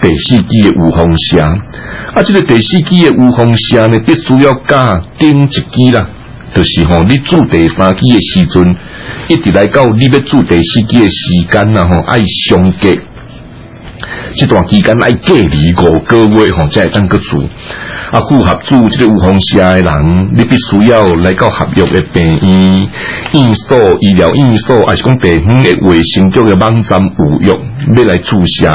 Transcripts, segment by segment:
第四期嘅五紅蝦，啊，這個第四期嘅五紅蝦呢，必須要加頂一期啦。就是吼、哦，你住第三期嘅時陣，一直來到你要住第四期嘅時間啦、啊，吼、哦，愛相隔這段期間要隔離五個月，月位吼再等個住。啊，符合住這個五紅蝦嘅人，你必須要來到合約嘅病醫、醫所、醫療醫所，還是講病院嘅衛生局嘅網站有用，要來注下。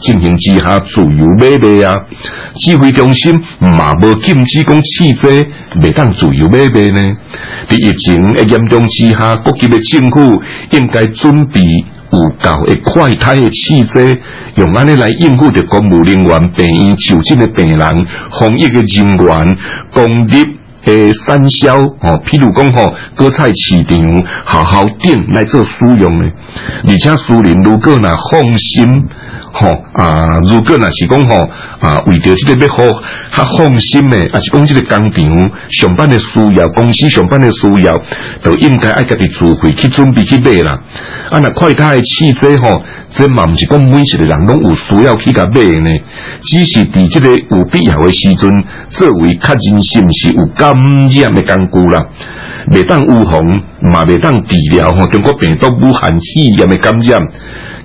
進行之下自由買賣啊！指揮中心嘛無禁止講試劑，未當自由買賣呢？疫情一嚴重之下，各級嘅政府應該準備有夠嘅快篩嘅試劑，用安尼來應付着公務人員、病院就診嘅病人、防疫嘅人員、公立嘅三銷哦，譬如講吼、哦，各菜市場好好掂來做使用嘅，而且蘇寧如果若放心。吼、哦，啊，如果若是講，吼，啊，為着即個要好，較放心嘅，啊，是講即個工廠上班嘅需要，公司上班嘅需要，都應該愛家己自費去準備去買啦。啊，若快篩試劑，吼、啊，即嘛毋是講每一個人攏有需要去甲買呢？只是佇即個有必要嘅時陣，作為確認是毋是有感染嘅工具啦，未當預防，嘛未當治療，吼、啊，中國病毒武漢肺炎嘅感染。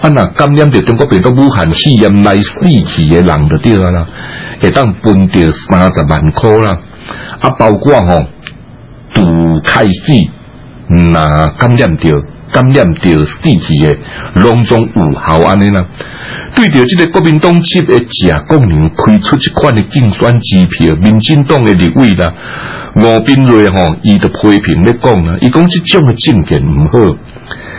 啊若感染着中國病毒，武漢肺炎來死期嘅人就對啦，會當分掉三十萬箍啦，啊包括吼杜凱時嗱感染着感染着死期嘅攏總有效安尼啦，對住即個國民黨級一假功推出一款嘅競選支票，民進黨嘅立委啦，吳秉叡吼伊度批評咧講啦，伊講即種嘅政見唔好。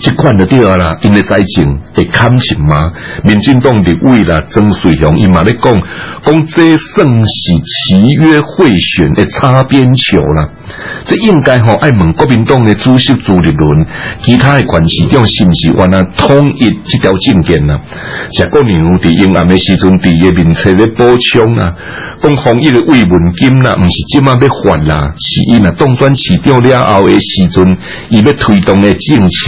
這款就對了啦，因為財政會看錢嘛。民進黨立委啦曾水雄，伊嘛咧講，講這算是契約賄選的擦邊球啦。這應該吼愛問國民黨嘅主席朱立倫，其他的縣市長是唔是會按呢統一這條政見啦。介國民無敵，因為時陣第一面冊咧補充啊，講防疫嘅慰問金啦，唔是這馬要還啦，是因為當選市長了後嘅時陣，伊要推動嘅政策。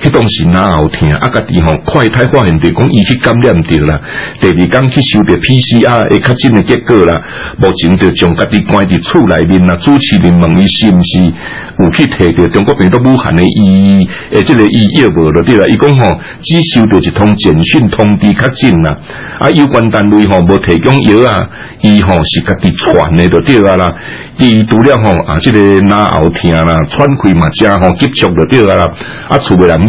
迄當時拿喉痛，啊家己吼快太發現着講伊去感染着啦。第二工去收着 PCR 嘅確診嘅結果啦，無前着將家己關佇厝內面啦。主持人問伊是毋是有去摕嘅，中國病毒武漢嘅醫誒即個醫藥無着啲啦。伊講吼，只收着一通簡訊通知確診啦。啊，有關單位吼無提供藥、哦、啊，伊吼是家己傳誒着就啊啦。伊除了吼啊，即個拿喉痛啦，喘氣嘛正吼急着就啊啦，啊厝誒人。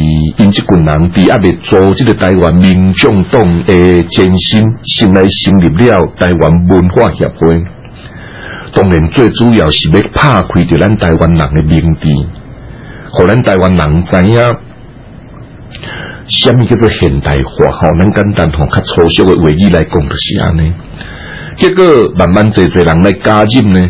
這群人比阿啲組織嘅台灣民眾黨嘅前身，先嚟成立了台灣文化協會。當然最主要是要拍開着咱台灣人嘅認知，互咱台灣人知影，什麼叫做現代化，互、呃、咱簡單，互、呃、較粗俗嘅話語來講就是安尼。結果慢慢再再人來加入呢。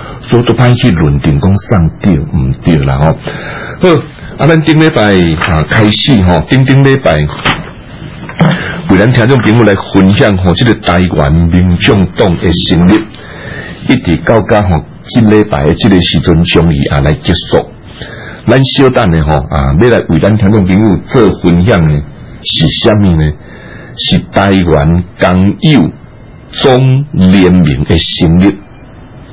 所以都派去輪定講上電唔對啦吼！好，啊咱頂禮拜哈、啊、開始吼，頂頂禮拜，為咱聽眾朋友來分享吼、哦，這個台灣民眾黨嘅成立，一直到今吼，今、哦、禮、這個、拜這個時陣終於啊來結束。咱小等咧吼、哦，啊，要來為咱聽眾朋友做分享咧，是蝦米呢？是台灣工友總聯盟嘅成立。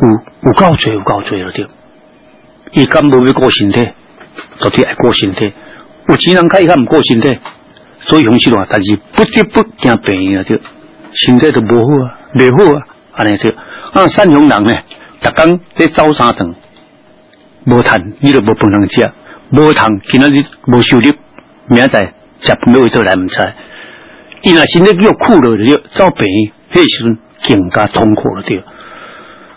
有有夠衰，有夠衰了。對，伊根本沒顧身體，到底愛顧身體。我雖然看一看唔顧身體，所以講起話，但是不得不驚病了。對，身體都唔好啊，唔好啊。啊，呢就啊善良人呢，打工得走三趟，無趁，伊都無飯能食，無趁，今仔日你無收入，明仔載食沒有做來唔出。伊那現在又苦了，就遭病，那時候更加痛苦了。對。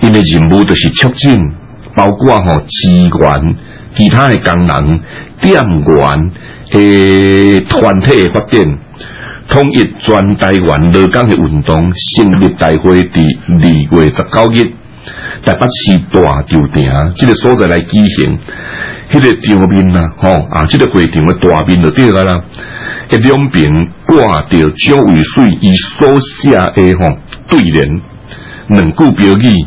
因為任務就是促進，包括吼機關、其他嘅工人、店員嘅團體嘅發展，統一全台灣勞工嘅運動，勝利大會佇二月十九日，在北市大稻埕，這個所在來舉行。迄、那個場面啊吼、哦、啊，這個會場嘅大邊就第二個啦，喺兩邊掛着蔣渭水伊所寫嘅吼對聯，兩、哦、句標語。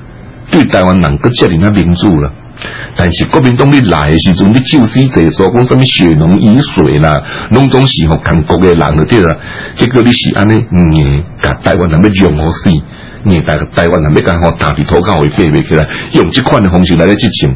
對台灣人佫遮爾那民主了，但是國民黨你來誒時陣你舊思維所講甚物血濃於水啦，攏總是互韓國誒人著對啊。結果你是安尼，甲、嗯、台灣人咩任何事，嗯，大個台灣人咩甲好大鼻塗骹可以爬袂起來，用即款誒方式來咧執政。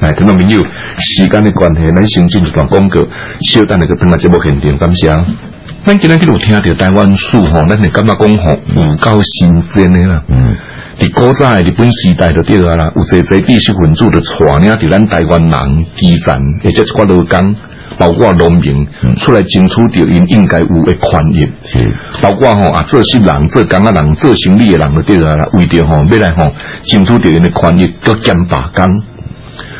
係聽到唔少時間的關係，咱先進一段廣告，到等但係佢並節目現場感謝啊、嗯。咱今日一路聽住台灣書，咱係感覺講吼有夠新鮮嘅啦。嗯，佇古早、日本時代都掉啊啦，有啲啲知識分子的傳，你要咱台灣人基層亦即係寡哋講，包括農民、嗯、出來爭取着因應該有嘅權益，是包括吼啊，做事人、這啲人、做生意嘅人都掉啊啦，為着吼未來吼爭取着因嘅權益更加保障。啊